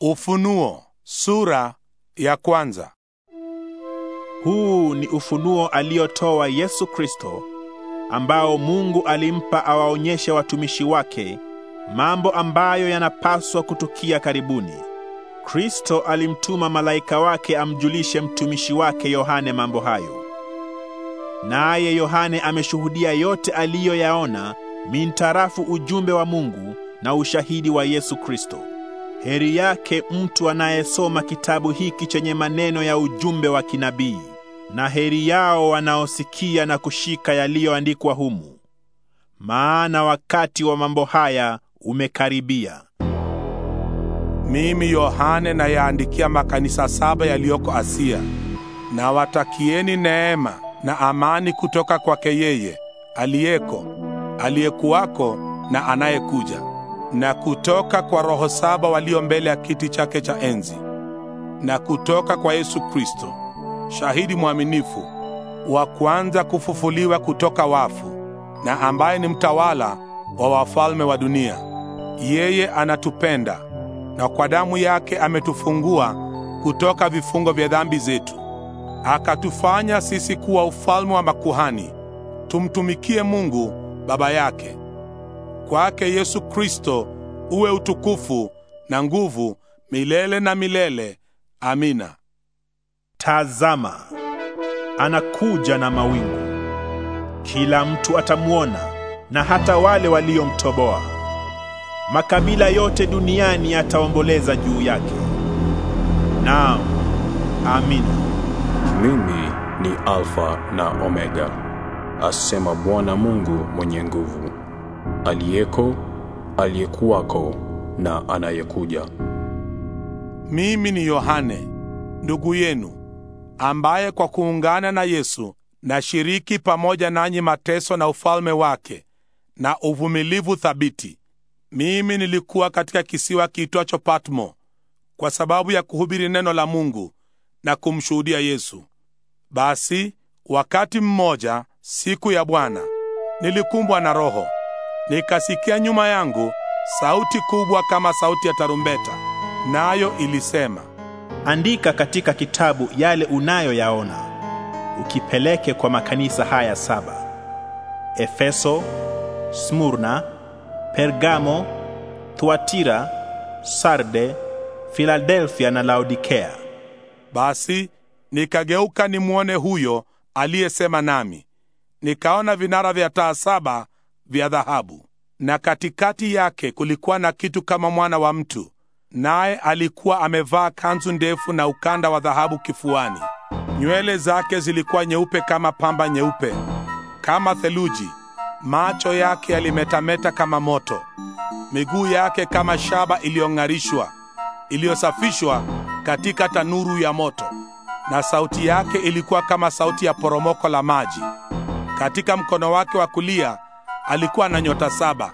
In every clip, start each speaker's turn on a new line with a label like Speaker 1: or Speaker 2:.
Speaker 1: Ufunuo sura ya kwanza. Huu ni ufunuo aliotoa Yesu Kristo ambao Mungu alimpa awaonyeshe watumishi wake mambo ambayo yanapaswa kutukia karibuni. Kristo alimtuma malaika wake amjulishe mtumishi wake Yohane mambo hayo. Naye Yohane ameshuhudia yote aliyoyaona mintarafu ujumbe wa Mungu na ushahidi wa Yesu Kristo. Heri yake mtu anayesoma kitabu hiki chenye maneno ya ujumbe wa kinabii, na heri yao wanaosikia na kushika yaliyoandikwa humu, maana wakati wa mambo haya umekaribia.
Speaker 2: Mimi Yohane nayaandikia makanisa saba yaliyoko Asia. Nawatakieni neema na amani kutoka kwake yeye aliyeko, aliyekuwako na anayekuja na kutoka kwa roho saba walio mbele ya kiti chake cha enzi, na kutoka kwa Yesu Kristo shahidi mwaminifu, wa kwanza kufufuliwa kutoka wafu, na ambaye ni mtawala wa wafalme wa dunia. Yeye anatupenda na kwa damu yake ametufungua kutoka vifungo vya dhambi zetu, akatufanya sisi kuwa ufalme wa makuhani, tumtumikie Mungu Baba yake. Kwake Yesu Kristo uwe utukufu na nguvu
Speaker 1: milele na milele. Amina. Tazama, anakuja na mawingu, kila mtu atamwona, na hata wale waliomtoboa. Makabila yote duniani yataomboleza juu yake. Naam, amina. Mimi ni Alfa na Omega, asema Bwana Mungu mwenye nguvu
Speaker 2: aliyeko, aliyekuwako na anayekuja. Mimi ni Yohane, ndugu yenu, ambaye kwa kuungana na Yesu nashiriki pamoja nanyi mateso na ufalme wake na uvumilivu thabiti. Mimi nilikuwa katika kisiwa kiitwacho Patmo kwa sababu ya kuhubiri neno la Mungu na kumshuhudia Yesu. Basi wakati mmoja, siku ya Bwana, nilikumbwa na Roho Nikasikia nyuma yangu sauti kubwa kama sauti ya tarumbeta,
Speaker 1: nayo na ilisema, andika katika kitabu yale unayoyaona, ukipeleke kwa makanisa haya saba: Efeso, Smurna, Pergamo, Thuatira, Sarde, Filadelfia na Laodikea. Basi nikageuka nimwone
Speaker 2: huyo aliyesema nami. Nikaona vinara vya taa saba vya dhahabu, na katikati yake kulikuwa na kitu kama mwana wa mtu, naye alikuwa amevaa kanzu ndefu na ukanda wa dhahabu kifuani. Nywele zake zilikuwa nyeupe kama pamba nyeupe, kama theluji. Macho yake yalimetameta kama moto, miguu yake kama shaba iliyong'arishwa, iliyosafishwa katika tanuru ya moto, na sauti yake ilikuwa kama sauti ya poromoko la maji. Katika mkono wake wa kulia alikuwa na nyota saba,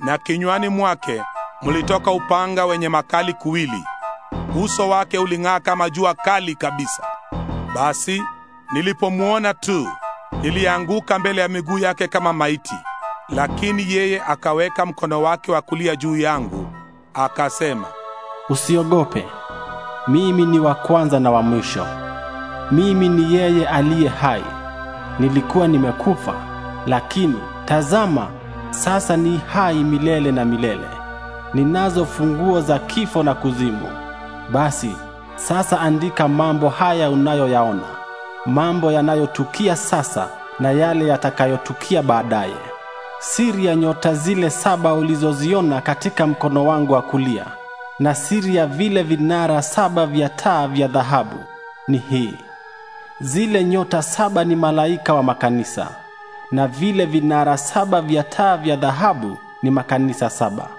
Speaker 2: na kinywani mwake mlitoka upanga wenye makali kuwili. Uso wake uling'aa kama jua kali kabisa. Basi nilipomwona tu nilianguka mbele ya miguu yake kama maiti, lakini yeye akaweka mkono wake wa kulia juu yangu, akasema,
Speaker 3: usiogope, mimi ni wa kwanza na wa mwisho. Mimi ni yeye aliye hai, nilikuwa nimekufa, lakini Tazama, sasa ni hai milele na milele, ninazo funguo za kifo na kuzimu. Basi sasa andika mambo haya unayoyaona, mambo yanayotukia sasa na yale yatakayotukia baadaye. Siri ya nyota zile saba ulizoziona katika mkono wangu wa kulia na siri ya vile vinara saba vya taa vya dhahabu ni hii: zile nyota saba ni malaika wa makanisa na vile vinara saba vya taa vya dhahabu ni makanisa saba.